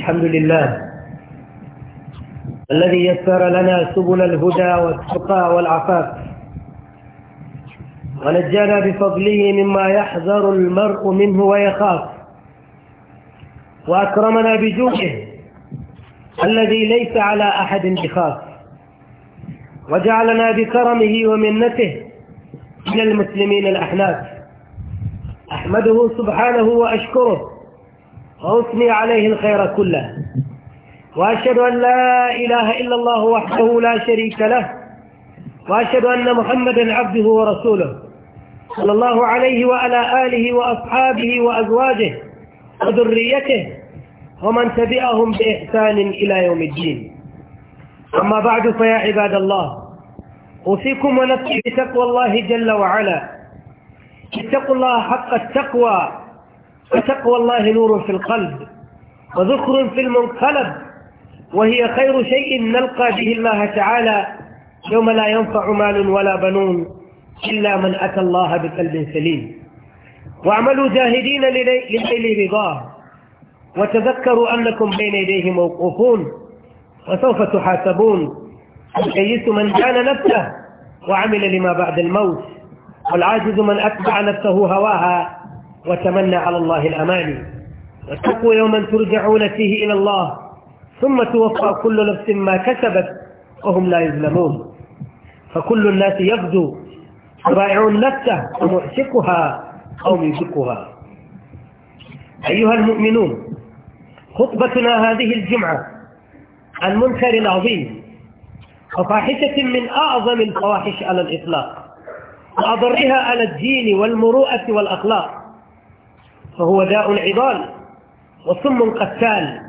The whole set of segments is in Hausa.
الحمد لله الذي يسر لنا سبل الهدى والتقى والعفاف ونجانا بفضله مما يحذر المرء منه ويخاف وأكرمنا بجوده الذي ليس على أحد بخاف وجعلنا بكرمه ومنته من المسلمين الأحناف أحمده سبحانه وأشكره وأثني عليه الخير كله وأشهد أن لا إله إلا الله وحده لا شريك له وأشهد أن محمدا عبده ورسوله صلى الله عليه وعلى آله وأصحابه وأزواجه وذريته ومن تبعهم بإحسان إلى يوم الدين أما بعد فيا عباد الله أوصيكم ونفسي بتقوى الله جل وعلا اتقوا الله حق التقوى فتقوى الله نور في القلب وذكر في المنقلب وهي خير شيء نلقى به الله تعالى يوم لا ينفع مال ولا بنون إلا من أتى الله بقلب سليم واعملوا جاهدين لليل رضاه وتذكروا أنكم بين يديه موقوفون وسوف تحاسبون الكيس من كان نفسه وعمل لما بعد الموت والعاجز من أتبع نفسه هواها وتمنى على الله الأماني واتقوا يوما ترجعون فيه إلى الله ثم توفى كل نفس ما كسبت وهم لا يظلمون فكل الناس يغدو رائع نفسه ومعشقها أو ميزكها أيها المؤمنون خطبتنا هذه الجمعة عن منكر عظيم وفاحشة من أعظم الفواحش على الإطلاق وأضرها على الدين والمروءة والأخلاق فهو داء عضال وسم قتال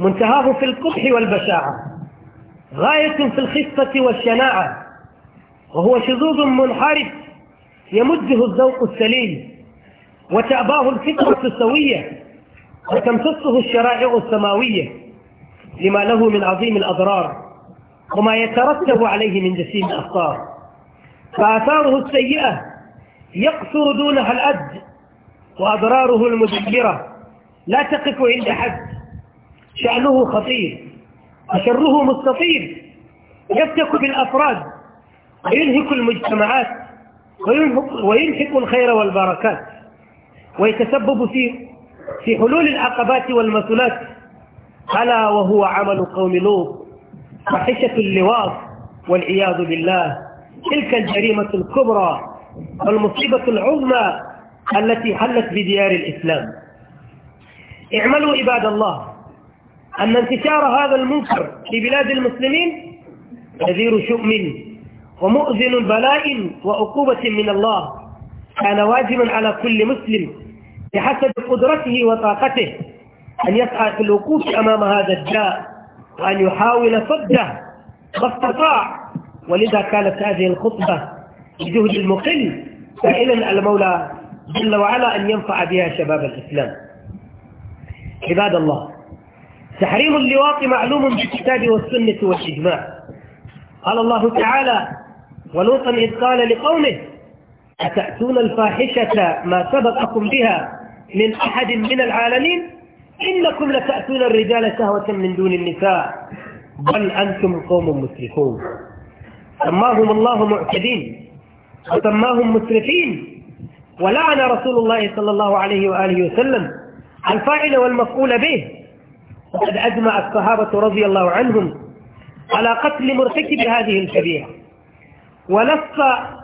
منتهاه في القبح والبشاعة غاية في الخفة والشناعة وهو شذوذ منحرف يمده الذوق السليم وتأباه الفكرة السوية وتمتصه الشرائع السماوية لما له من عظيم الأضرار وما يترتب عليه من جسيم الأخطار فآثاره السيئة يقصر دونها الأد وأضراره المدبرة لا تقف عند حد شأنه خطير وشره مستطيل يفتك بالأفراد وينهك المجتمعات وينهك الخير والبركات ويتسبب في في حلول العقبات والمثلات ألا وهو عمل قوم لوط فحشة اللواط والعياذ بالله تلك الجريمة الكبرى والمصيبة العظمى التي حلت بديار الإسلام اعملوا عباد الله أن انتشار هذا المنكر في بلاد المسلمين نذير شؤم ومؤذن بلاء وعقوبة من الله كان واجبا على كل مسلم بحسب قدرته وطاقته أن يسعى في الوقوف أمام هذا الداء وأن يحاول صده ما استطاع ولذا كانت هذه الخطبة بجهد المقل سائلا المولى جل وعلا أن ينفع بها شباب الإسلام عباد الله تحريم اللواط معلوم بالكتاب والسنة والإجماع قال الله تعالى ولوطا إذ قال لقومه أتأتون الفاحشة ما سبقكم بها من أحد من العالمين إنكم لتأتون الرجال شهوة من دون النساء بل أنتم قوم مسرفون سماهم الله معتدين وسماهم مسرفين ولعن رسول الله صلى الله عليه وآله وسلم الفاعل والمفعول به وقد أجمع الصحابة رضي الله عنهم على قتل مرتكب هذه الكبيرة ونص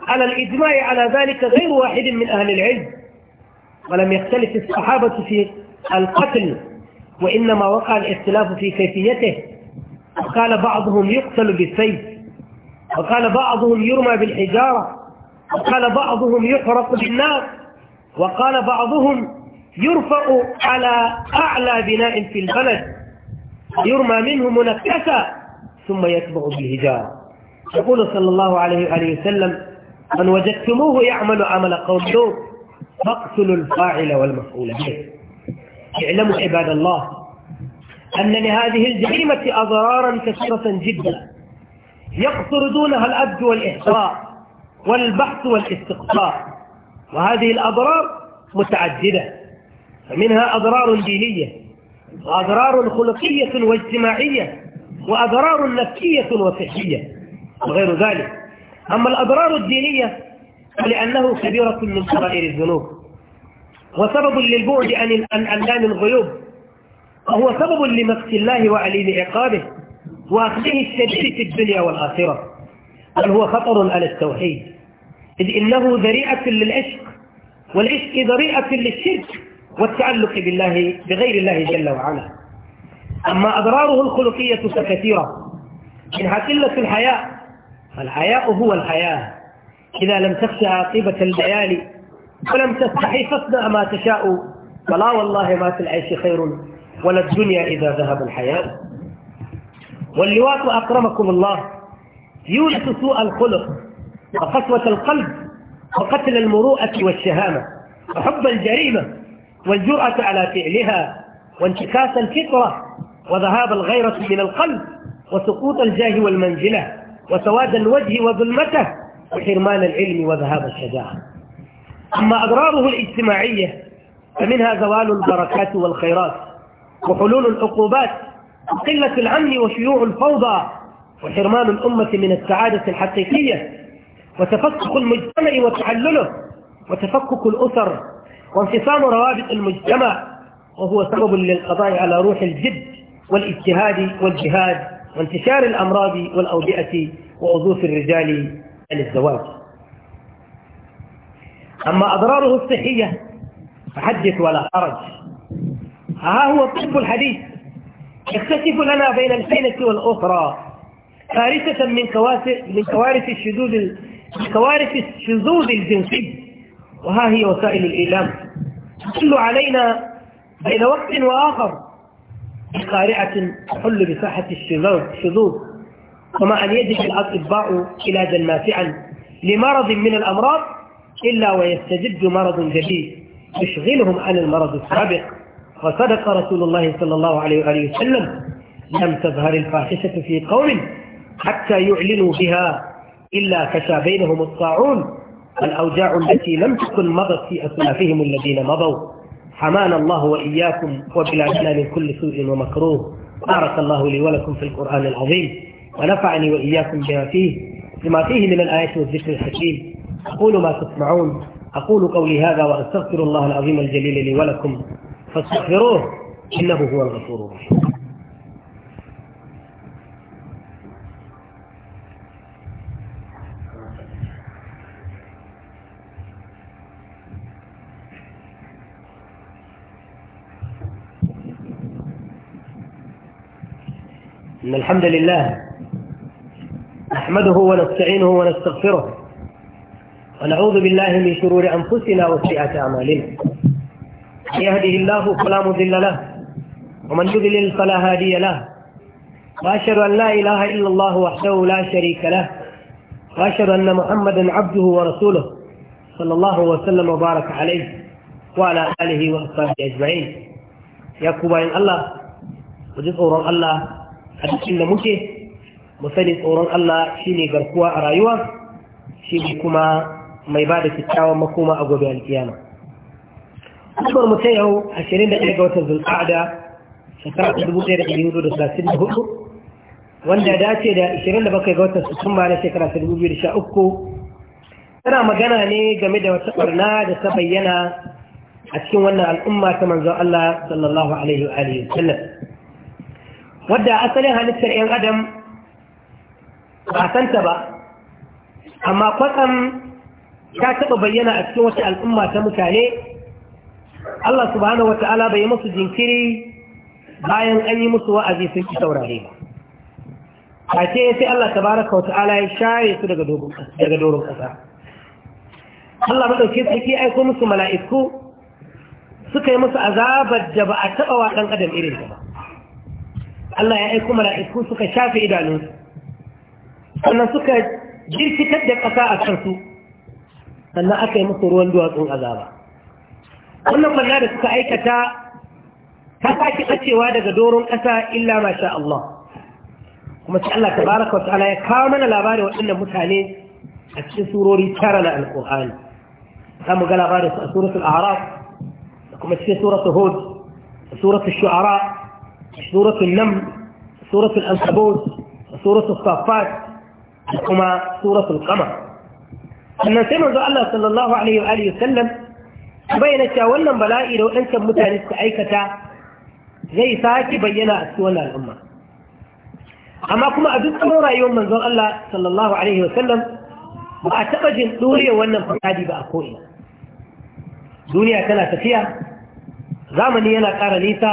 على الإجماع على ذلك غير واحد من أهل العلم ولم يختلف الصحابة في القتل وإنما وقع الاختلاف في كيفيته وقال بعضهم يقتل بالسيف وقال بعضهم يرمى بالحجارة وقال بعضهم يحرق بالنار وقال بعضهم يرفع على أعلى بناء في البلد يرمى منه منكسة ثم يتبع بالهجار يقول صلى الله عليه وآله وسلم من وجدتموه يعمل عمل قوم لوط فاقتلوا الفاعل والمفعول به اعلموا عباد الله أن لهذه الجريمة أضرارا كثيرة جدا يقصر دونها الأبد والإحصاء والبحث والاستقصاء وهذه الأضرار متعددة فمنها أضرار دينية وأضرار خلقية واجتماعية وأضرار نفسية وصحية وغير ذلك أما الأضرار الدينية فلأنه كبيرة من كبائر الذنوب وسبب للبعد عن أعلام الغيوب وهو سبب لمقت الله وعليم عقابه وأخذه الشديد في الدنيا والآخرة بل هو خطر على التوحيد إذ إنه ذريعة للعشق والعشق ذريعة للشرك والتعلق بالله بغير الله جل وعلا أما أضراره الخلقية فكثيرة منها قلة الحياء فالحياء هو الحياة إذا لم تخشى عاقبة البيان ولم تستحي فاصنع ما تشاء فلا والله ما في العيش خير ولا الدنيا إذا ذهب الحياء واللواط أكرمكم الله يولد سوء الخلق وقسوة القلب وقتل المروءة والشهامة وحب الجريمة والجرأة على فعلها وانتكاس الفطرة وذهاب الغيرة من القلب وسقوط الجاه والمنزلة وسواد الوجه وظلمته وحرمان العلم وذهاب الشجاعة أما أضراره الاجتماعية فمنها زوال البركات والخيرات وحلول العقوبات وقلة العمل وشيوع الفوضى وحرمان الأمة من السعادة الحقيقية وتفكك المجتمع وتعلله وتفكك الأسر وانفصام روابط المجتمع وهو سبب للقضاء على روح الجد والاجتهاد والجهاد وانتشار الأمراض والأوبئة وأضوف الرجال عن الزواج أما أضراره الصحية فحدث ولا حرج ها هو الطب الحديث يكتشف لنا بين الحينة والأخرى كارثة من كوارث, من كوارث الشذوذ كوارث الشذوذ الجنسي وها هي وسائل الإعلام تحل علينا بين وقت وآخر بقارعة تحل بساحة الشذوذ وما أن يجد الأطباء علاجا نافعا لمرض من الأمراض إلا ويستجد مرض جديد يشغلهم عن المرض السابق وصدق رسول الله صلى الله عليه وآله وسلم لم تظهر الفاحشة في قوم حتى يعلنوا بها إلا كشى بينهم الطاعون الأوجاع التي لم تكن مضت في أسلافهم الذين مضوا حمانا الله وإياكم وبلادنا من كل سوء ومكروه بارك الله لي ولكم في القرآن العظيم ونفعني وإياكم بما فيه بما فيه من الآيات والذكر الحكيم أقول ما تسمعون أقول قولي هذا وأستغفر الله العظيم الجليل لي ولكم فاستغفروه إنه هو الغفور الرحيم إن الحمد لله نحمده ونستعينه ونستغفره ونعوذ بالله من شرور أنفسنا وسيئات أعمالنا من يهده الله فلا مضل له ومن يضلل فلا هادي له وأشهد أن لا إله إلا الله وحده لا شريك له وأشهد أن محمدا عبده ورسوله صلى الله وسلم وبارك عليه وعلى آله وأصحابه أجمعين يا إن الله وجزء الله a cikin da muke mu sani tsoron Allah shi ne garkuwa a rayuwa shi kuma mai ba da kyakkyawan makoma a gobe alkiyama Asabar mu ta yau 21 ga watan Zulqa'ada shekara ta 1434 wanda ya dace da 27 ga watan Satumba na shekara ta 2013 tana magana ne game da wata ɓarna da ta bayyana a cikin wannan al'umma ta manzon Allah sallallahu alaihi wa alihi wadda asalin halittar 'yan adam ba santa ba amma kwatsam ta taba bayyana a cikin wata al'umma ta mutane Allah subhanahu wata'ala bai musu jinkiri bayan an yi musu wa'azi sun ki saurare ba a ce sai Allah tabaraka wata'ala ya share su daga doron ƙasa Allah maɗauki sarki aiko musu mala'iku suka yi musu azabar da ba a taɓa wa ɗan adam irin ba Allah ya aiko mala'iku suka shafe idanunsu sannan suka jirkitar da ƙasa a kansu sannan aka yi musu ruwan duwatsun azaba wannan banna da suka aikata ta sake ɓacewa daga doron ƙasa illa masha Allah kuma sai Allah ta wa ta'ala ya kawo mana labarin waɗannan mutane a cikin surori tara na alƙur'ani za mu ga labarin su a suratul a'raf da kuma cikin suratul hud da suratul shu'ara سورة النمل سورة الأنكبوت سورة الصافات وكما سورة القمر sannan sai manzo Allah sallallahu alaihi wa alihi sallam bayyana cewa wannan bala'i da wadancan mutane suka aikata zai sake bayyana a cikin wannan al'umma amma kuma a duk tsawon rayuwar manzon Allah sallallahu alaihi wa sallam ba a taɓa jin ɗore wannan fasadi ba a ko'ina duniya tana tafiya zamani yana ƙara nisa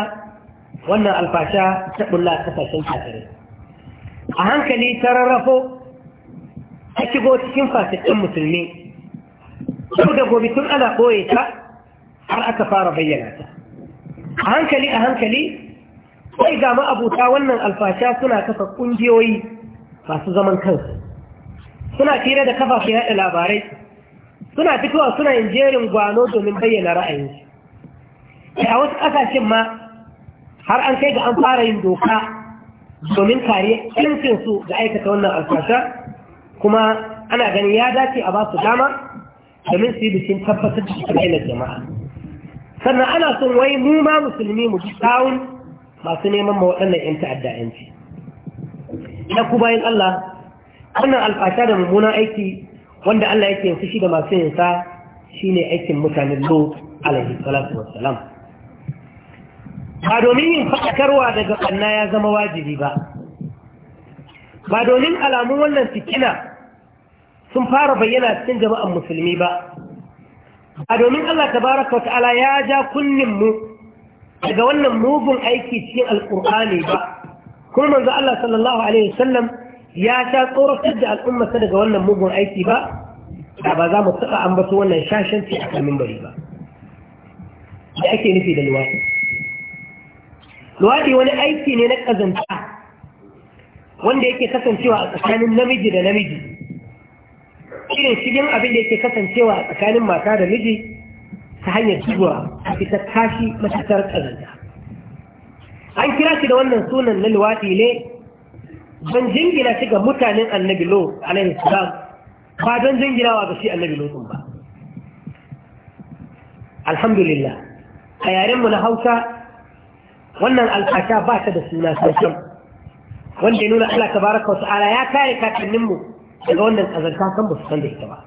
wannan alfasha ta bulla kasashen kafirai a hankali ta rarrafo ta shigo cikin fasikin musulmi Duk da gobe tun ana ɓoye ta har aka fara bayyana ta a hankali a hankali sai ga ma'abuta wannan alfasha suna kafa ƙungiyoyi masu zaman kansu suna fira da kafafen yaɗa labarai suna fitowa suna yin jerin gwano domin bayyana ra'ayinsu. a wasu ƙasashen ma har an kai ga an fara yin doka domin kare su da aikata wannan alfashar kuma ana ganin ya dace a ba su dama domin su yi bikin tabbatar da cikin jama'a sannan ana son wai mu ma musulmi mu ji tsawon masu neman ma waɗannan 'yan ta'adda 'yanci na ku bayan Allah wannan alfasha da mummunan aiki wanda Allah yake yin fushi da masu yinsa shine aikin mutanen lo alaihi salatu wassalam ba domin yin faɗakarwa daga ƙanna ya zama wajibi ba ba domin alamun wannan fitina sun fara bayyana cikin jama'an musulmi ba a domin Allah tabaraka wata'ala ya ja kunninmu daga wannan mugun aiki cikin alƙur'ani ba kuma manzo Allah sallallahu alaihi wasallam ya sha tsoratar da al'ummarsa daga wannan mugun aiki ba da ba za mu taɓa ambato wannan shashanci a kalmin bari ba da ake nufi da luwaɗi luwaɗi wani aiki ne na ƙazanta wanda yake kasancewa a tsakanin namiji da namiji irin shigin abin da yake kasancewa a tsakanin mata da miji ta hanyar shigowa a fita tashi matatar ƙazanta an kira shi da wannan sunan na luwaɗi ne don jingina shi ga mutanen annabi lo nan salam ba don jinginawa ga shi annabi lo ba alhamdulillah a yarenmu na hausa wannan alfasha ba ta da suna sassan wanda ya nuna Allah tabaraka wa ta'ala ya kare kakanninmu daga wannan kazanta kan ba su san da ita ba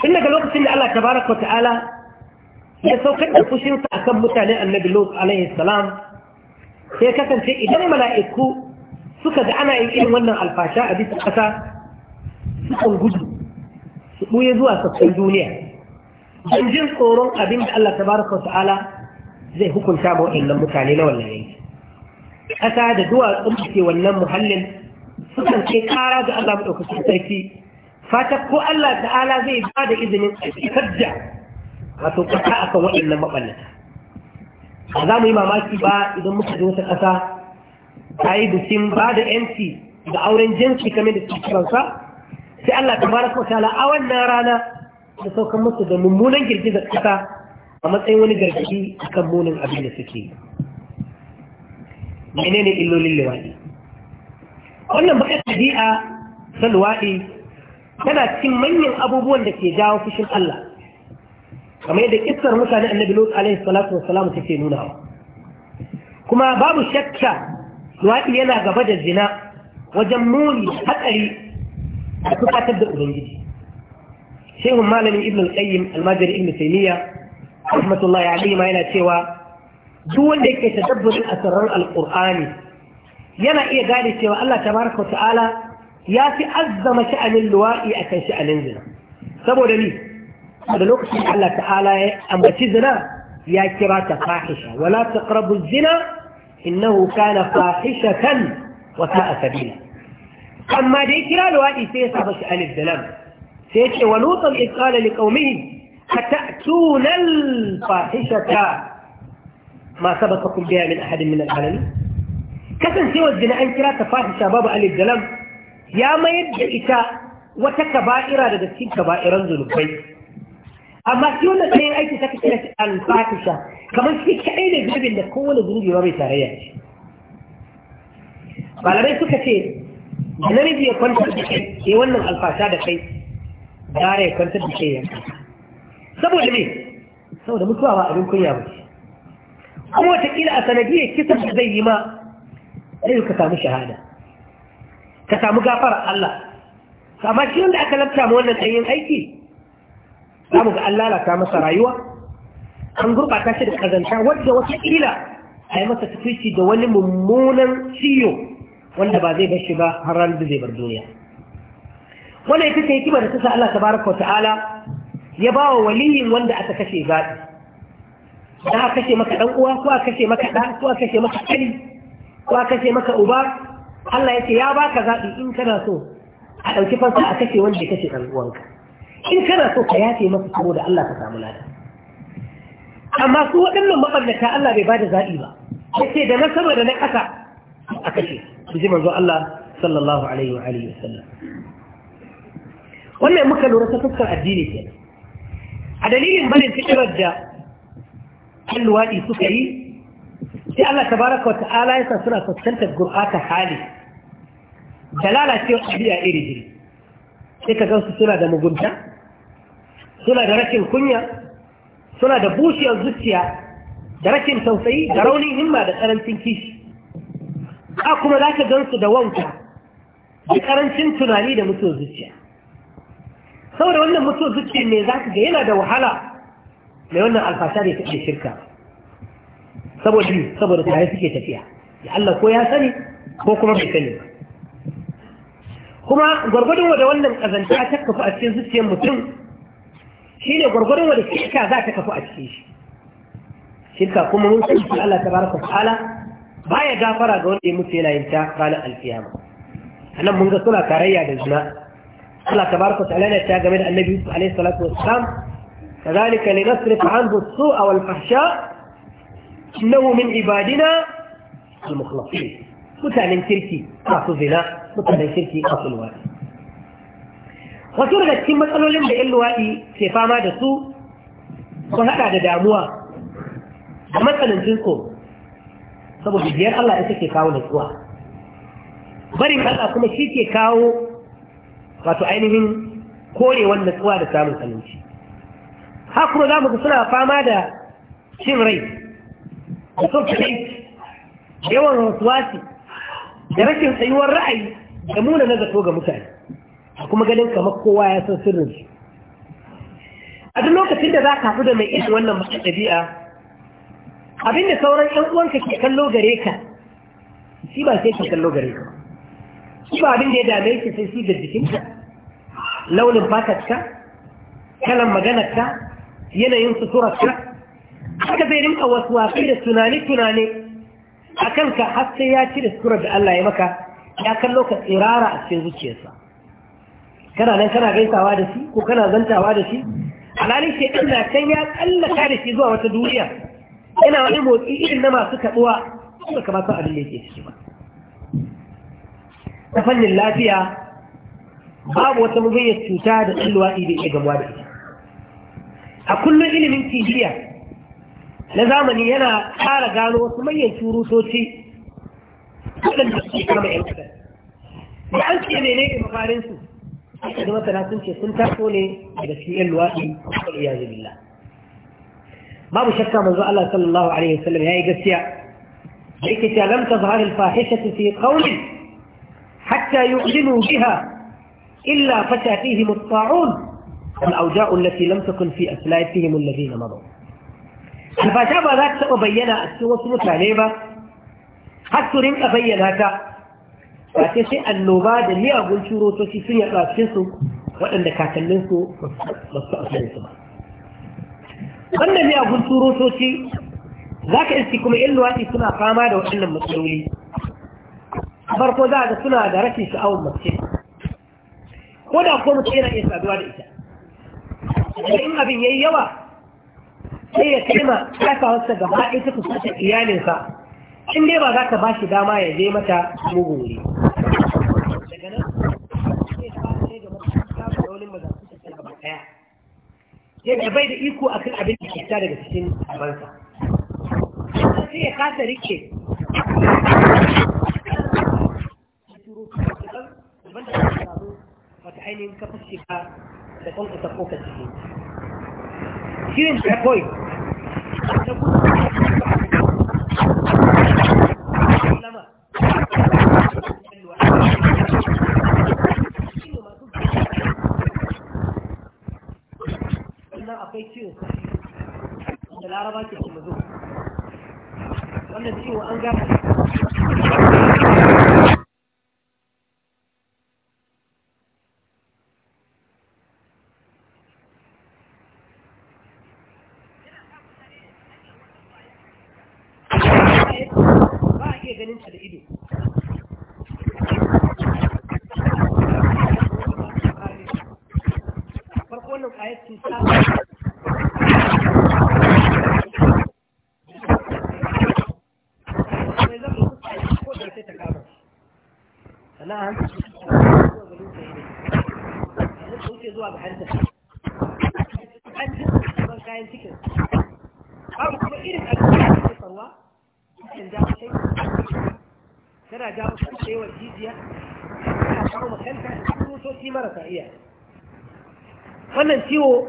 tun daga lokacin da Allah tabaraka wa ta'ala ya saukar da fushinsa akan mutane annabi Lut alaihi salam sai kasance idan mala'iku suka ga ana yin irin wannan alfasha a bisa ƙasa sukan gudu su ɓuye zuwa sassan duniya don jin tsoron abin da Allah tabaraka wa ta'ala zai hukunta ma waɗannan mutane na wannan yanki ƙasa da duwatsun da ke wannan muhallin sukan kai ƙara ga Allah maɗaukacin sarki fata ko Allah ta'ala zai ba da izinin aikar da wato ƙasa a kan waɗannan maɓallata A za mu yi mamaki ba idan muka ji wata ƙasa ta yi bikin ba da yanci da auren jinsi kamar da suke kiransa sai Allah ta fara wa a wannan rana da saukan musu da mummunan girgizar ƙasa a matsayin wani gargaɗi kan munin abin da suke yi menene illolin luwaɗi wannan baƙar ɗabi'a ta luwaɗi tana cin manyan abubuwan da ke jawo fushin Allah kamar yadda kissar mutane annabi lut alaihi salatu wassalam take nunawa kuma babu shakka luwaɗi yana gaba da zina wajen muni hatsari a tukatar da ubangiji shehun malamin ibn al-qayyim al-majari ibn taymiyyah rahmatullahi alaihi ma yana cewa duk wanda yake tadabbarin asrar alqur'ani yana iya gane cewa Allah tabaraka ta'ala ya fi azzama sha'anin luwa'i akan sha'anin zina saboda ni da lokacin Allah ta'ala ya ambaci zina ya kira ta fahisha wala taqrabu zina innahu kana fahishatan wa sa'a sabila amma da ya kira luwa'i sai ya saba sha'anin zina sai ya ce wa lutan isqala liqaumihi أتأتون الفاحشة ما سبقكم بها من أحد من العالمين كسن سوى الزنا أن كلا تفاحشة باب علي الجلم يا ما يدعي إتا وتكبائرة لدسين كبائرا ذنوبين amma shi wanda sai aiki saka kira shi alfatisha kamar shi kaɗai ne zunubin da kowane zunubi ba mai tarayya ce malamai suka ce da namiji ya ke wannan alfasha da kai ya kwantar da saboda me saboda mutuwa ba abin kunya ba kuma ila a sanadiyar kisan da zai yi ma sai ka samu shahada ka samu gafara Allah amma shi wanda aka lafta ma wannan ɗanyen aiki za mu ga an lalata masa rayuwa an gurɓata shi da ƙazanta wadda wataƙila a yi masa tukici da wani mummunan ciwo wanda ba zai bar ba har ranar da zai bar duniya wannan ita ce hikimar da ta sa Allah tabaraka wa ta'ala ya ba wa waliyin wanda aka kashe zaɓi da a kashe maka ɗan uwa ko a kashe maka ɗa ko a kashe maka ƙari ko a kashe maka uba Allah ya ce ya baka zaɓi in kana so a ɗauki fansa a kashe wanda ya kashe ɗan uwanka in kana so ka yafe masa da Allah ka samu lada amma su waɗannan maɓarnata Allah bai bada zaɓi ba ya ce da na sama da na ƙasa a kashe su ji manzo Allah sallallahu alaihi wa alihi wa sallam wannan muka lura ta fuskar addini kenan a dalilin barin fikirar da kan luwaɗi suka yi sai Allah Ta baraka wa ta'ala ya suna fuskantar gurɓata hali da a biya iri iri sai ka gansu suna da mugunta suna da rashin kunya suna da bushiyar zuciya da rashin tausayi da raunin himma da tsarancin kishi a kuma za ka gansu da wanka da tsarancin tunani da mutuwar zuciya saboda wannan mutuwar zuciya ne za ka ga yana da wahala mai wannan alfasha da ya kaɗe shirka saboda saboda tare suke tafiya ya Allah ko ya sani ko kuma bai sani ba kuma gwargwadon wada wannan ƙazanta ta kafu a cikin zuciyar mutum shi ne gwargwadon wada shirka za ta kafu a cikin shi shirka kuma mun san shi Allah ta baraka ta'ala baya gafara ga wanda ya mutu yana yin ta ranar alkiyama anan mun ga suna tarayya da zina Allah tabaraka wa ta'ala ta game da annabi Yusuf alaihi salatu wassalam kadhalika linasrif anhu as-su'a wal fahsha innahu min ibadina al-mukhlasin mutanen kirki masu zina mutanen kirki masu luwadi wasu daga cikin matsalolin da yan luwaɗi ke fama da su sun haɗa da damuwa da matsanancin ko saboda biyar Allah ita ke kawo nutsuwa barin Allah kuma shi ke kawo wato ainihin kore wannan da samun talauci haka za mu ga suna fama da cin rai da son a yawan wasuwasi da rashin tsayuwar ra'ayi da muna na zato ga mutane a kuma ganin kamar kowa ya san sirrin a duk lokacin da za ka haɗu da mai irin wannan masu ɗabi'a abinda sauran 'yan uwanka ke kallo gare ka shi ba sai ke kallo gare ka Kuma abin da ya dame ki sai shi da jikinka launin fatarka kalan maganarka yanayin suturarka haka zai rinka wasu wasu da tunane-tunane a kanka har sai ya da suturar da Allah ya maka ya kallo ka tsirara a cikin zuciyarsa kana nan kana gaisawa da shi ko kana zantawa da shi alhalin shekar na can ya tsallaka da shi zuwa wata duniya yana wani motsi irin na masu kaɗuwa kuma kamata abin da yake ciki ba ta fannin lafiya babu wata mugayyar cuta da ɗan luwaɗi da iya gamuwa da ita a kullum ilimin kimiyya na zamani yana ƙara gano wasu manyan turutoci waɗanda suke kama ‘yan ƙasar da an ce mene ne mafarinsu aka da masana sun ce sun taso ne daga cikin ‘yan luwaɗi a iyazu billah babu shakka manzo Allah sallallahu alaihi wasallam ya yi gaskiya da yake ce lam tazhar al fahishatu fi qawlin حتى يعلنوا بها إلا فتى فيهم الطاعون الأوجاء التي لم تكن في اسلافهم الذين مضوا الفاتحة ذات أبينا أسوة مطالبة حتى لم أبين هكا فاتحة النوبة دمية أقول شروع تشيسية أسلسو وأن دكا تلنسو مستأسلسو وأن دمية أقول شروع تشي ذاك إلتكم إلواتي سنا قاما لو أن المسؤولي farko za ga suna da rashin sha'awar mace ko da kuma mace yana iya saduwa da ita da in abin ya yi yawa sai ya kai ma kasawarsa gaba ɗaya ta kusanta iyalinsa in dai ba za ta ba shi dama ya je mata mugun wuri daga nan ta wani yadda bai da iko a kan abin da ke daga cikin abansa sai ya kasa rike wanda ya samu wata ainihin kafin shiga da kwankwata ko kaci shirin checkpoint na kuma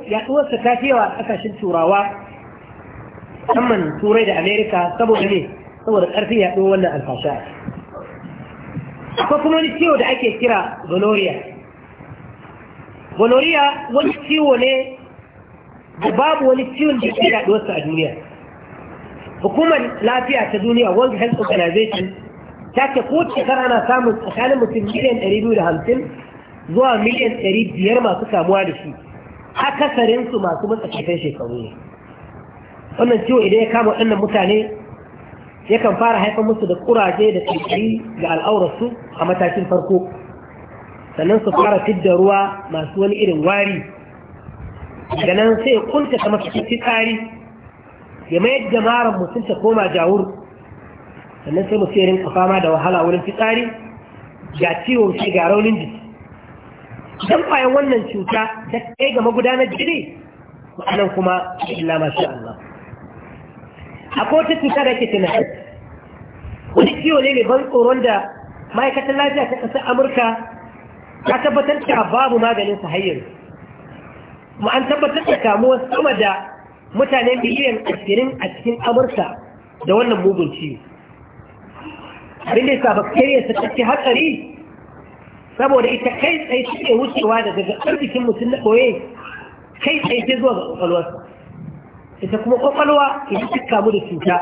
yaduwarsa ta fi yawa a ƙasashen turawa musamman turai da amerika saboda ne saboda ƙarfin yaɗo wannan alfasha akwai kuma wani ciwo da ake kira gonorrhea gonorrhea wani ciwo ne da babu wani ciwon da ke yaɗuwarsa a duniya hukumar lafiya ta duniya world health organization ta ce ko shekara na samun tsakanin mutum miliyan 250 zuwa miliyan 500 masu kamuwa da shi akasarinsu su masu matsakaitan shekaru ne wannan ciwo idan ya kama waɗannan mutane yakan fara haifar musu da kuraje da tsirkiri ga al'aurarsu a matakin farko sannan su fara fidda ruwa masu wani irin wari daga nan sai ya kunta ta mafi fitsari ya mayar da maran mutum ta koma jawur sannan sai mu sai rinka fama da wahala wurin fitsari ga ciwon shi ga raunin jiki dan kwayan wannan cuta ta kai ga magudanar jini ma'anan kuma illa masu Allah akwai wata cuta da ke tunan wani kiwo ne mai ban tsoron da ma'aikatan lafiya ta ƙasar amurka ta tabbatar da babu maganin su hayyar kuma an tabbatar da kamuwa sama da mutane miliyan ashirin a cikin amurka da wannan mugun ciwo abin da ya sa bakteriyar ta tafi hatsari saboda ita kai tsaye ne wucewa daga gaɓar jikin mutum na ɓoye kai tsaye ce zuwa ga ƙwaƙwalwarsa ita kuma ƙwaƙwalwa ita ta kamu da cuta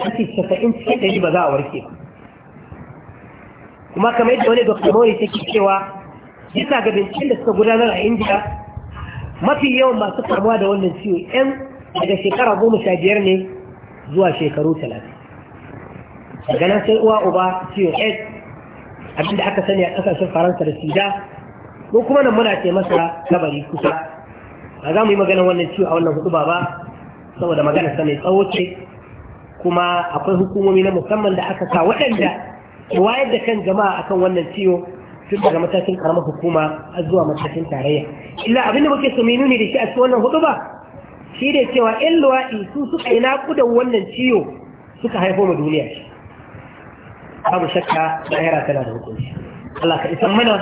ta ce saka'in cikin ɗari ba za a warke kuma kamar yadda wani dokta mawai take cewa bisa ga binciken da suka gudanar a indiya mafi yawan masu kamuwa da wannan ciwo yan daga shekara goma sha biyar ne zuwa shekaru talatin daga nan sai uwa uba ciwo aids Abin da aka sani a kasashen faransa da sida ko kuma nan muna ce masa kabari kusa ba za mu yi maganar wannan ciwo a wannan hutuba ba saboda magana sa mai tsawo ce kuma akwai hukumomi na musamman da aka sa waɗanda wayar da kan jama'a akan wannan ciwo tun daga matakin karamar hukuma har zuwa matakin tarayya illa abin da muke so mu nuni da shi a cikin wannan ba shi ne cewa 'yan su suka yi naƙudan wannan ciwo suka haifo ma duniya babu shakka lahira tana da hukunci Allah ka isan mana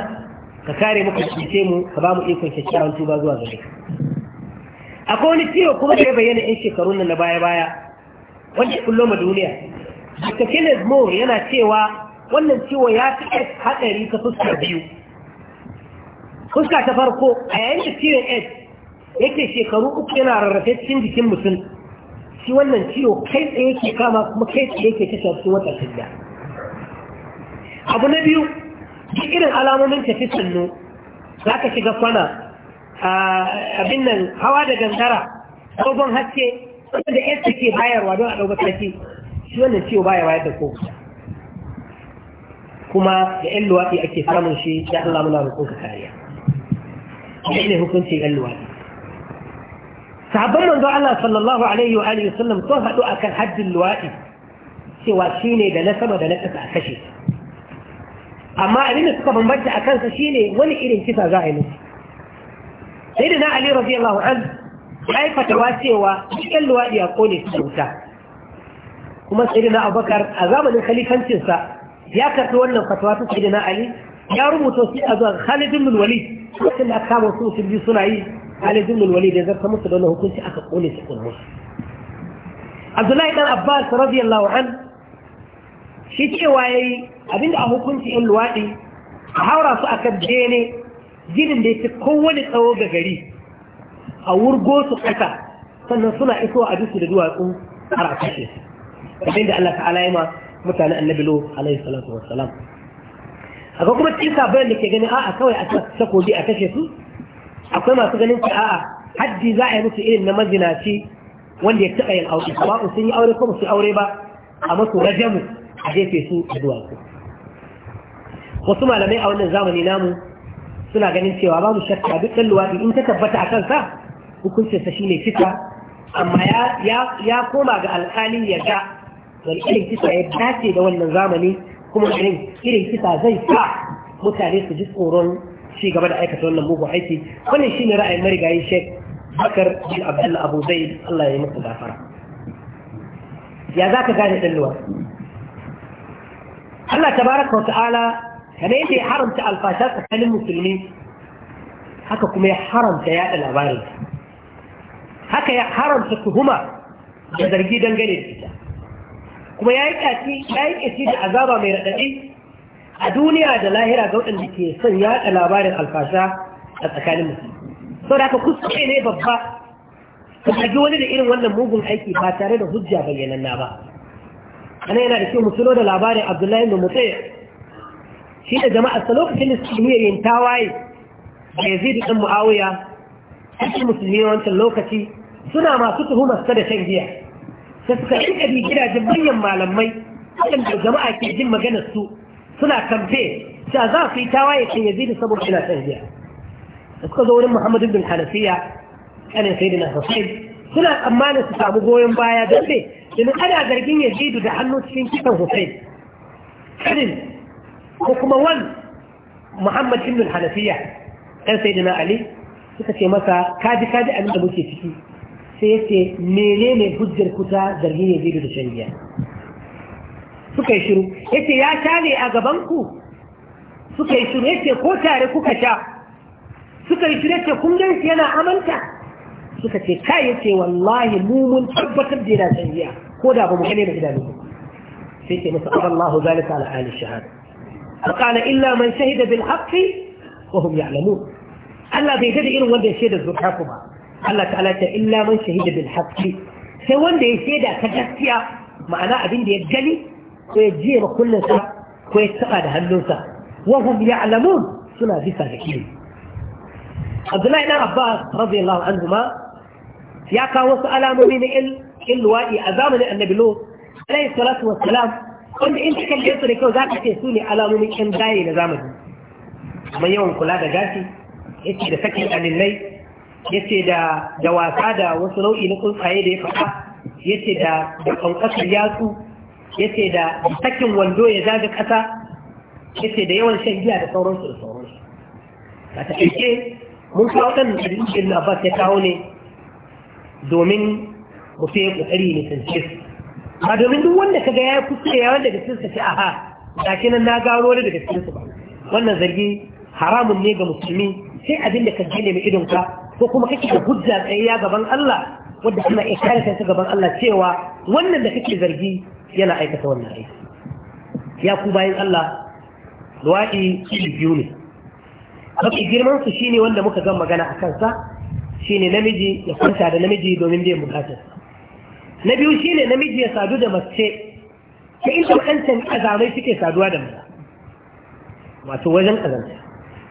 ka kare muka cice mu ka ba mu ikon kyakkyawan tuba zuwa gare ka akwai wani ciwo kuma da ya bayyana yan shekarun nan na baya-baya wanda ya kullo ma duniya Dr. Kenneth Moore yana cewa wannan ciwo ya fi haɗari ta fuska biyu fuska ta farko a yayin da ciwon AIDS yake shekaru uku yana rarrafe cikin jikin mutum shi wannan ciwo kai tsaye ke kama kuma kai tsaye ke tashar su wata shida abu na biyu duk irin alamomin tafi sannu za ka shiga kwana abin nan hawa da gangara dogon haske wanda yan ke bayarwa don a ɗauka mataki shi wannan ciwo baya bayar da ko kuma da yan luwaɗi ake samun shi da Allah muna roƙon ka kariya shi ne hukuncin yan luwaɗi sahabban manzo Allah sallallahu alaihi wa alihi wasallam sun haɗu akan haddin luwaɗi cewa shine da na sama da na ƙasa a kashe amma abin da suka bambanta a kansa shine wani irin kisa za a yi musu sai da na ali radiyallahu an ya fatawa cikin luwaɗi a kone su wuta kuma sai da na abubakar a zamanin kalifancinsa ya karɓi wannan fatawa ta sai da na ali ya rubuta shi a zuwa khalidin mulwali wacce da aka su su biyu suna yi khalidin mulwali da zarta musu da hukunci aka kone su kurmus abdullahi dan abbas radiyallahu an shi cewa ya yi abinda a hukunci yan luwaɗi a haura su a kan bene ginin da ya fi kowane tsawo ga gari a wurgo su ƙasa sannan suna iso a dusu da duwatsu har a kashe kamar da Allah ta'ala alaima ma mutanen annabi lo alaihi salatu wassalam a kuma da ke gani a'a kawai a a kashe su akwai masu ganin ta a'a haddi za a yi musu irin na mazinaci wanda ya taɓa yin aure ba sun yi aure kuma su aure ba a masu rajamu a jefe su da duwatsu wasu malamai a wannan zamani namu suna ganin cewa babu shakka duk ɗan luwaɗi in ta tabbata a kansa hukuncinsa shine kisa amma ya koma ga alƙalin ya ga wani irin kisa ya dace da wannan zamani kuma irin irin kisa zai sa mutane su ji tsoron ci gaba da aikata wannan mugun aiki wannan shine ra'ayin marigayi shek bakar bin Abdullahi abu Allah ya yi masa gafara ya za ka gane ɗan luwaɗi Allah tabaraka wa ta'ala kada yadda ya haramta alfasha tsakanin musulmi haka kuma ya haramta yaɗa labarin haka ya haramta tuhuma da zargi dangane da ita kuma ya yi ƙaci da azaba mai raɗaɗi a duniya da lahira ga waɗanda ke son yaɗa labarin alfasha a tsakanin musulmi sau da haka kuskure ne babba ka wani da irin wannan mugun aiki ba tare da hujja bayyananna ba ana yana da shi mu da labarin abdullahi da mutai shi da jama'a sa lokacin da su yi yin tawaye da yazid ibn muawiya su musulmi wancan lokaci suna masu tuhumar sa da shan giya sai suka yi bi gidajen manyan malamai waɗanda jama'a ke jin maganar su suna kamfe cewa za su yi tawaye kan yazid saboda suna shan giya da suka zo wurin muhammad suna tsammanin su samu goyon baya don ne domin ana zargin ya jidu da hannu cikin kitan hussein irin ko kuma wan muhammad ibn hanafiya ɗan sayyidina ali suka ce masa kaji kaji abin da muke ciki sai yace ne hujjar kuta zargin ya jidu da shan giya suka yi shiru yace ya sha ne a gaban ku suka yi shiru yace ko tare kuka sha suka yi shiru yace kun gan yana amanta suka ce kai yace wallahi mu mun tabbatar da yana shan ko da ba mu gane da idanu sai ce musu aballahu zalika ala ahli shahada فقال إلا من شهد بالحق وهم يعلمون Allah bai gada irin wanda ya shaida zurfa kuma Allah ta'ala ta illa man shahida bil haqqi sai wanda ya shaida ta gaskiya ma'ana abin da ya gani ko ya jiya ba kullun sa ko ya taba da hannunsa wa hum ya'lamun suna bisa da kiri Abdullahi dan Abbas radiyallahu anhu ma ya kawo wasu alamomi na luwaɗi a zamanin annabi lo alayhi salatu wassalam wanda in cikin da da kyau za ka ce su ne alamomi yan daye na zamani amma yawan kula da gashi ce da sakin alillai Ya da da wasa da wasu nau'i na tsuntsaye da ya faɗa Ya da da kankasar yatsu ce da sakin wando ya zaga ƙasa ce da yawan shan giya da sauransu da sauransu a taƙaice mun kawo ɗan da ibn abbas ya kawo ne domin mutum ya kokari ne tance su ba domin duk wanda kaga ya kuskure ya wanda gaskiya sa ce aha gashi nan na gano da daga cikin su ba wannan zargi haramun ne ga musulmi sai abin da ka ne mai idon ka ko kuma kake da hujja tsayayya gaban Allah wadda Allah ya kare kansa gaban Allah cewa wannan da kake zargi yana aikata wannan aiki ya ku bayan Allah luwaɗi biyu ne mafi girman su shine wanda muka gan magana a kansa shine namiji ya kwanta da namiji domin biyan bukatar na biyu shine namiji ya sadu da mace ta inda waɗancan azamai suke saduwa da maza wato wajen ƙazanta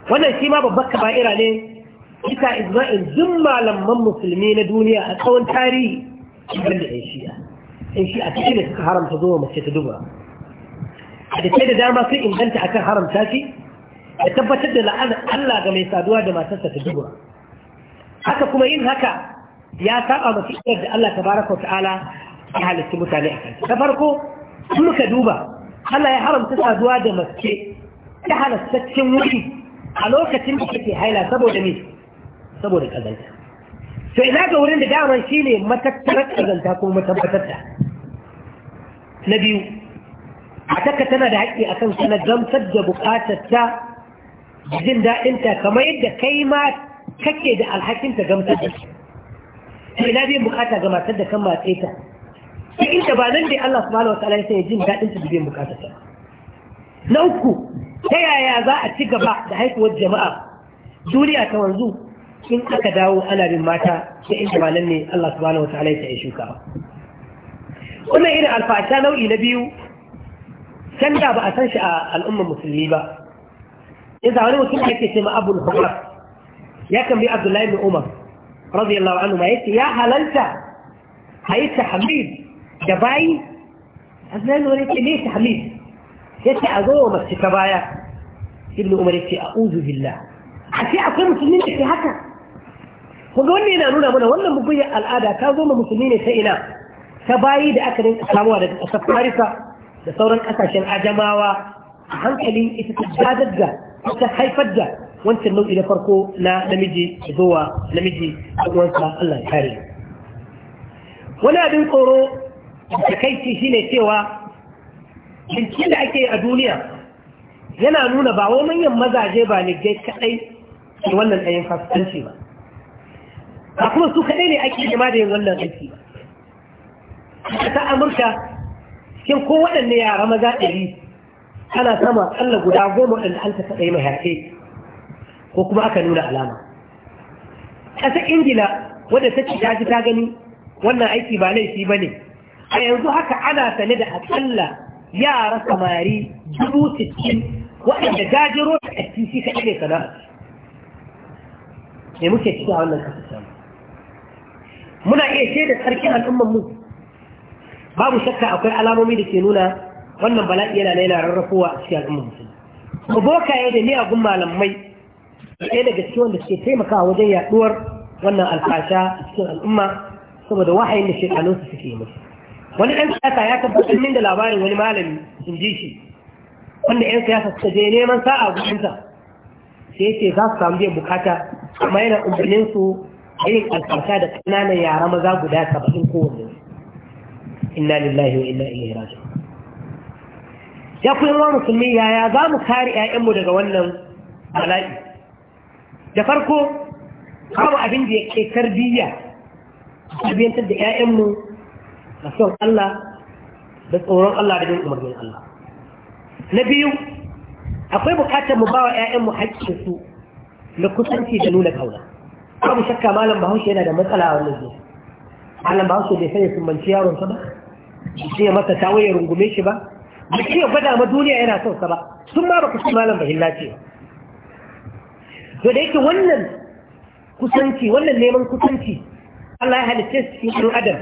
wannan shi ma babbar kaba'ira ne ita izma'in duk malaman musulmi na duniya a tsawon tarihi ban da yan shi'a yan a cikin da suka haramta zuwa mace ta duba a da da dama sun inganta akan haramta shi Ya tabbatar da la'anar Allah ga mai saduwa da matarsa ta duba haka kuma yin haka ya saba mafi ikirar da Allah tabaraka wa ta'ala ya halitta mutane a Kanta. Ta farko sun muka duba Allah ya haramta saduwa da maske ta halastaccen wuri a lokacin da take haila saboda me saboda kazanta to ina ga wurin da daman shi ne matattarar kazanta kuma matabbatar da na biyu a taka tana da haƙƙi a kan sana gamsar da buƙatar ta jin daɗinta kamar yadda kai ma kake da alhakin ta gamsar da shi sai na biyan bukata ga matar da kan matse ta sai inda ba nan dai Allah subhanahu wataala ya sai jin dadin ta biyan bukata ta na uku ta yaya za a ci gaba da haihuwar jama'a duniya ta wanzu in aka dawo ana bin mata sai inda ba nan ne Allah subhanahu wataala ya sai shuka wannan irin alfasha nau'i na biyu Canza ba a san shi a al'ummar musulmi ba yanzu wani mutum ke ce ma abul hukar يا كان بيه عبد الله بن عمر رضي الله عنه ما يتي يا هل انت هيت حميد جباي اذن له يتي ليه حميد يتي اذوه ما تتبايا ابن عمر يتي اعوذ بالله حتي اقوى مسلمين يتي هكا وقال لي انا منا وانا مقويا الادا كاظوما مسلمين يتينا تبايي دا اكرين اسلاموا على السفارسة دا ثورا كاسا شن عجماوا حنكلي اتتجادت جا اتتحيفت جا wancan nau'i na farko na namiji zuwa namiji uwansa Allah ya kare wani abin tsoro da kai shine cewa bincike da ake a duniya yana nuna ba wai manyan mazaje ba ne gai kadai da wannan ɗayan fasikanci ba ba kuma su kadai ne ake jima da yin wannan aiki ba ta amurka cikin ko waɗanne yara maza ɗari ana sama Allah guda goma waɗanda an ta kaɗai mai harfe ko kuma aka nuna alama ƙasar ingila wadda ta cika ta gani wannan aiki ba laifi ba ne a yanzu haka ana sane da akalla yara samari dubu cikin waɗanda gajiro ta shi ka ɗaya sana'a me muke cikin wannan kasar samu muna iya ce da tsarkin al'ummar mu babu shakka akwai alamomi da ke nuna wannan bala'i yana na yana rarrafowa a cikin al'ummar mu kuma da miyagun malamai ɗaya daga cikin wanda suke taimakawa wajen yaɗuwar wannan alfasha a cikin al'umma saboda wahayin da shekanun su suke musu wani ɗan siyasa ya tabbatar min da labarin wani malami in ji shi wanda ‘yan siyasa suka je neman sa'a gudunsa sai ya ce za su samu biyan bukata amma yana umarnin su a yin alfasha da ƙananan yara maza guda saba'in kowanne inna lillahi wa inna ilaihi raji'un ya kuma musulmi yaya za mu kare 'ya'yanmu daga wannan bala'i da farko babu abin da ya ke tarbiyya tarbiyyantar da 'ya'yanmu da son Allah da tsoron Allah da bin umarnin Allah na biyu akwai bukatar mu ba wa 'ya'yanmu haƙƙinsu da kusanci da nuna kauna babu shakka malam bahaushe yana da matsala a wannan zuwa malam bahaushe bai sanya sumbanci yaron sa ba sai ya masa tawaye rungume shi ba ba ya gwada ma duniya yana son sa ba sun ma ba ku malam bahilla ce to da yake wannan kusanci wannan neman kusanci Allah ya halitta su cikin ɗan adam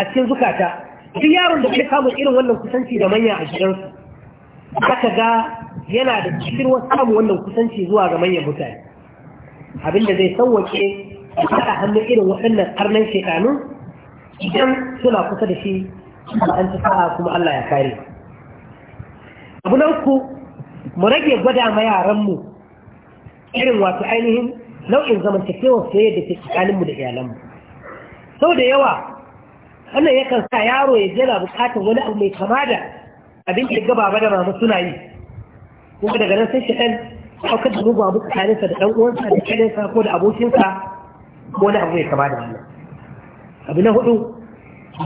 a cikin zukata duk yaron da ke samu irin wannan kusanci da manya a gidansu aka ga yana da cikin samun wannan kusanci zuwa ga manyan mutane abinda zai sauwake a hannun irin waɗannan arnan shekanu idan suna kusa da shi ba an ta sa'a kuma Allah ya kare abu na uku mu rage gwada ma yaranmu irin wato ainihin nau'in zamantakewar soyayya da ke tsakaninmu da iyalanmu sau da yawa wannan yakan sa yaro ya jana bukatar wani abu mai kama da abin da gaba ba da mama suna yi kuma daga nan sai shaɗan ɗaukar da mugu abu tsakaninsa da ɗan uwansa da kaninsa ko da abokinsa ko wani abu mai kama da wannan abu na hudu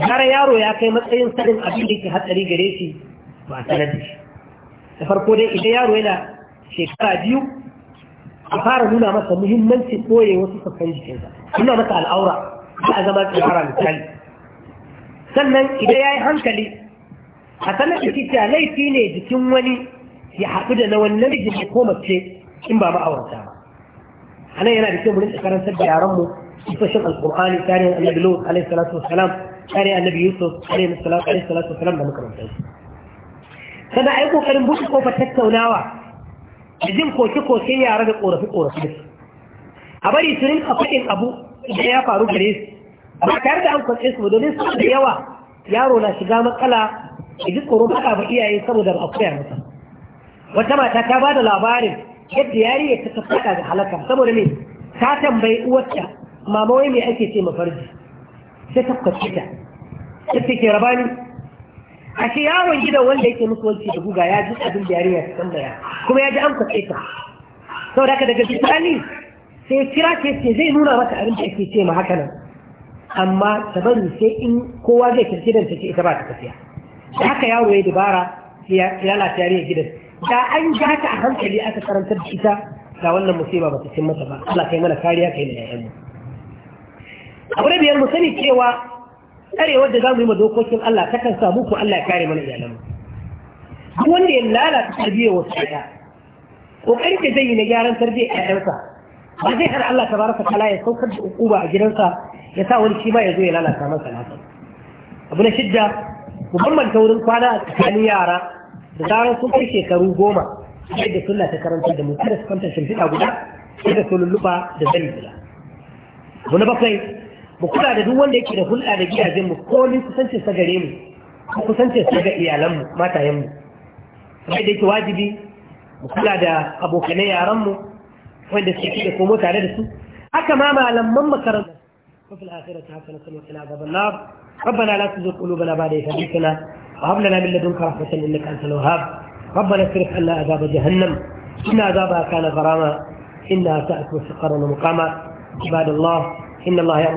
gara yaro ya kai matsayin sanin abin da ke hatsari gare shi ba a sanar da shi da farko dai idan yaro yana shekara biyu a fara nuna masa muhimmancin ɓoye wasu sassan jikinsa nuna masa al'aura ba a zama tsara misali sannan idan ya yi hankali a sanar da cikiya laifi ne jikin wani ya haɗu da na wani namiji jikin ko mace in ba ma'aurata ba a nan yana da kyau murin karantar da yaranmu sifashin alƙur'ani tarihin annabi lut alaihi salatu wasalam tarihin annabi yusuf alaihi salatu wasalam da makamantansu kada a yi ƙoƙarin buɗe ƙofar tattaunawa da jin koke-koken yara da ƙorafi su, a bari su rinka faɗin abu da ya faru gare su ba tare da an kwatse su ba domin su da yawa yaro na shiga matsala da ji tsoron faɗa ba iyaye saboda ba a koya masa wata mata ta ba da labarin yadda ya ta faɗa ga halaka saboda ne ta tambayi uwarta mama wai me ake ce mafarji sai ta kwace ta ta ke rabani a ce gidan wanda yake musu wanci da guga ya ji abin da yarinya ta tambaya kuma ya ji an kwace ta haka daga bisani sai kira ce ce zai nuna mata abin da ake ce ma haka nan amma ta bari sai in kowa zai kirki dan ta ce ita ba ta tafiya da haka yaro ya dubara ya lalata yarinya gidan da an ji haka a hankali aka karantar da ita ga wannan musiba ba ta cin mata ba Allah kai mana kariya kai da yayan mu abu da biyar mu sani cewa tsarewar da za mu yi wa dokokin Allah ta kan samu ku Allah ya kare mana iyalanmu duk wanda ya lalata tarbiyyar wasu ɗaya ƙoƙarin da zai yi na gyaran tarbiyyar ƴaƴansa ba zai har Allah ta baraka kala ya saukar da ukuba a gidansa ya sa wani shi ma ya zo ya lalata masa nasa abu na shidda mu bambanta wurin kwana a tsakanin yara da zarar sun kai shekaru goma yadda sunna ta karanta da mu da su kwanta shimfiɗa guda da su lulluɓa da zani guda abu na bakwai mu kula da duk wanda yake da hulɗa da gidajen mu ko ni kusancin sa gare mu ko kusancin sa ga iyalan mu matayen mu sai da yake wajibi mu kula da abokanai yaran mu wanda suke da komo tare da su haka ma malaman makaranta وفي الآخرة حسنة وقنا عذاب النار ربنا لا تزغ قلوبنا بعد إذ هديتنا وهب لنا من لدنك رحمة إنك أنت الوهاب ربنا اصرف عنا عذاب جهنم إن عذابها كان غراما إنها ساءت مستقرا ومقاما عباد الله إن الله يأمر